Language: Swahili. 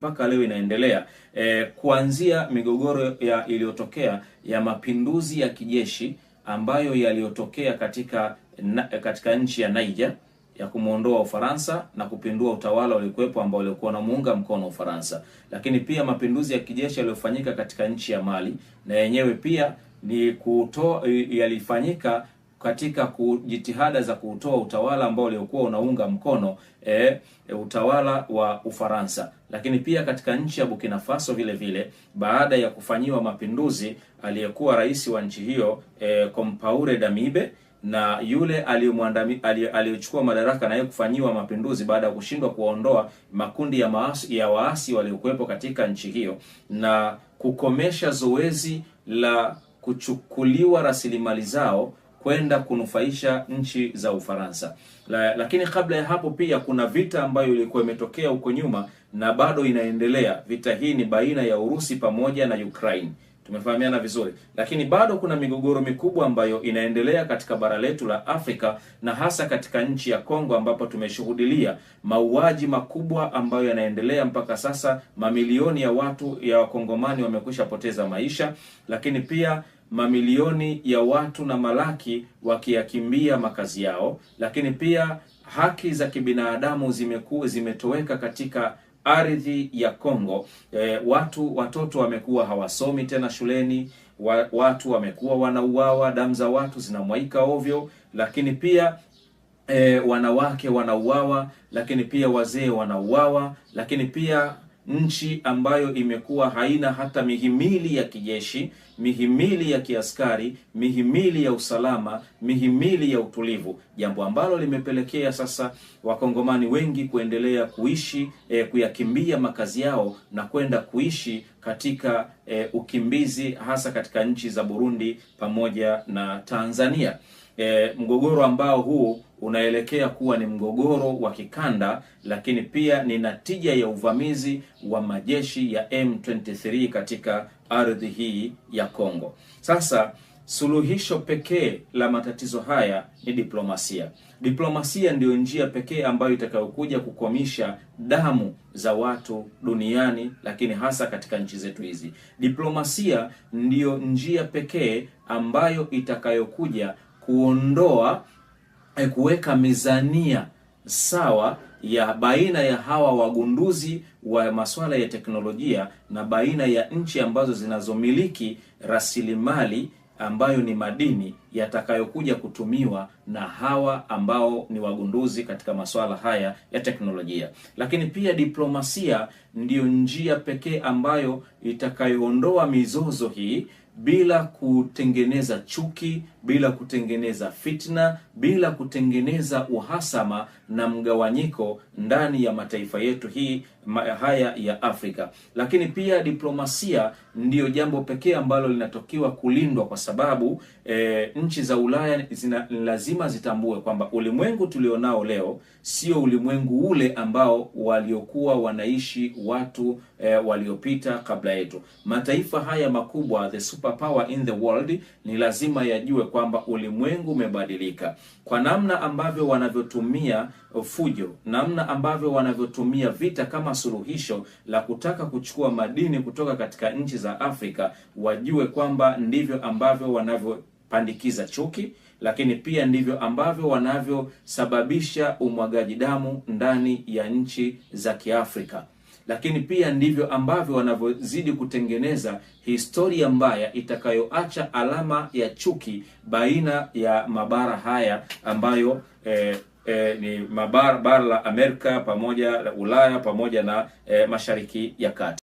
mpaka leo inaendelea e, kuanzia migogoro ya iliyotokea ya mapinduzi ya kijeshi ambayo yaliyotokea katika na, katika nchi ya Niger ya kumwondoa Ufaransa na kupindua utawala uliokuwepo ambao ulikuwa unamuunga mkono Ufaransa, lakini pia mapinduzi ya kijeshi yaliyofanyika katika nchi ya Mali na yenyewe pia ni kutoa yalifanyika katika jitihada za kuutoa utawala ambao uliokuwa unaunga mkono e, e, utawala wa Ufaransa, lakini pia katika nchi ya Burkina Faso vile vile, baada ya kufanyiwa mapinduzi aliyekuwa rais wa nchi hiyo e, Compaore Damibe na yule aliyechukua madaraka na yeye kufanyiwa mapinduzi baada ya kushindwa kuwaondoa makundi ya, maasi, ya waasi waliokuwepo katika nchi hiyo na kukomesha zoezi la kuchukuliwa rasilimali zao kwenda kunufaisha nchi za Ufaransa. La, lakini kabla ya hapo pia kuna vita ambayo ilikuwa imetokea huko nyuma na bado inaendelea. Vita hii ni baina ya Urusi pamoja na Ukraine. Tumefahamiana vizuri, lakini bado kuna migogoro mikubwa ambayo inaendelea katika bara letu la Afrika na hasa katika nchi ya Kongo, ambapo tumeshuhudilia mauaji makubwa ambayo yanaendelea mpaka sasa. Mamilioni ya watu ya wakongomani wamekwisha poteza maisha, lakini pia mamilioni ya watu na malaki wakiyakimbia makazi yao, lakini pia haki za kibinadamu zimekuwa zimetoweka katika ardhi ya Kongo. E, watu watoto wamekuwa hawasomi tena shuleni wa, watu wamekuwa wanauawa, damu za watu zinamwaika ovyo, lakini pia e, wanawake wanauawa, lakini pia wazee wanauawa, lakini pia nchi ambayo imekuwa haina hata mihimili ya kijeshi, mihimili ya kiaskari, mihimili ya usalama, mihimili ya utulivu, jambo ambalo limepelekea sasa wakongomani wengi kuendelea kuishi e, kuyakimbia makazi yao na kwenda kuishi katika e, ukimbizi, hasa katika nchi za Burundi pamoja na Tanzania. E, mgogoro ambao huu unaelekea kuwa ni mgogoro wa kikanda, lakini pia ni natija ya uvamizi wa majeshi ya M23 katika ardhi hii ya Kongo. Sasa suluhisho pekee la matatizo haya ni diplomasia. Diplomasia ndiyo njia pekee ambayo itakayokuja kukomisha damu za watu duniani, lakini hasa katika nchi zetu hizi. Diplomasia ndiyo njia pekee ambayo itakayokuja kuondoa Eh, kuweka mizania sawa ya baina ya hawa wagunduzi wa masuala ya teknolojia na baina ya nchi ambazo zinazomiliki rasilimali ambayo ni madini yatakayokuja kutumiwa na hawa ambao ni wagunduzi katika masuala haya ya teknolojia. Lakini pia diplomasia ndiyo njia pekee ambayo itakayoondoa mizozo hii bila kutengeneza chuki bila kutengeneza fitna, bila kutengeneza uhasama na mgawanyiko ndani ya mataifa yetu hii haya ya Afrika. Lakini pia diplomasia ndiyo jambo pekee ambalo linatokiwa kulindwa kwa sababu e, nchi za Ulaya zina, lazima zitambue kwamba ulimwengu tulionao leo sio ulimwengu ule ambao waliokuwa wanaishi watu e, waliopita kabla yetu. Mataifa haya makubwa the superpower in the world ni lazima yajue kwamba ulimwengu umebadilika kwa namna ambavyo wanavyotumia fujo, namna ambavyo wanavyotumia vita kama suluhisho la kutaka kuchukua madini kutoka katika nchi za Afrika, wajue kwamba ndivyo ambavyo wanavyopandikiza chuki lakini pia ndivyo ambavyo wanavyosababisha umwagaji damu ndani ya nchi za Kiafrika lakini pia ndivyo ambavyo wanavyozidi kutengeneza historia mbaya itakayoacha alama ya chuki baina ya mabara haya ambayo eh, eh, ni mabara bara la Amerika pamoja na Ulaya pamoja na eh, Mashariki ya Kati.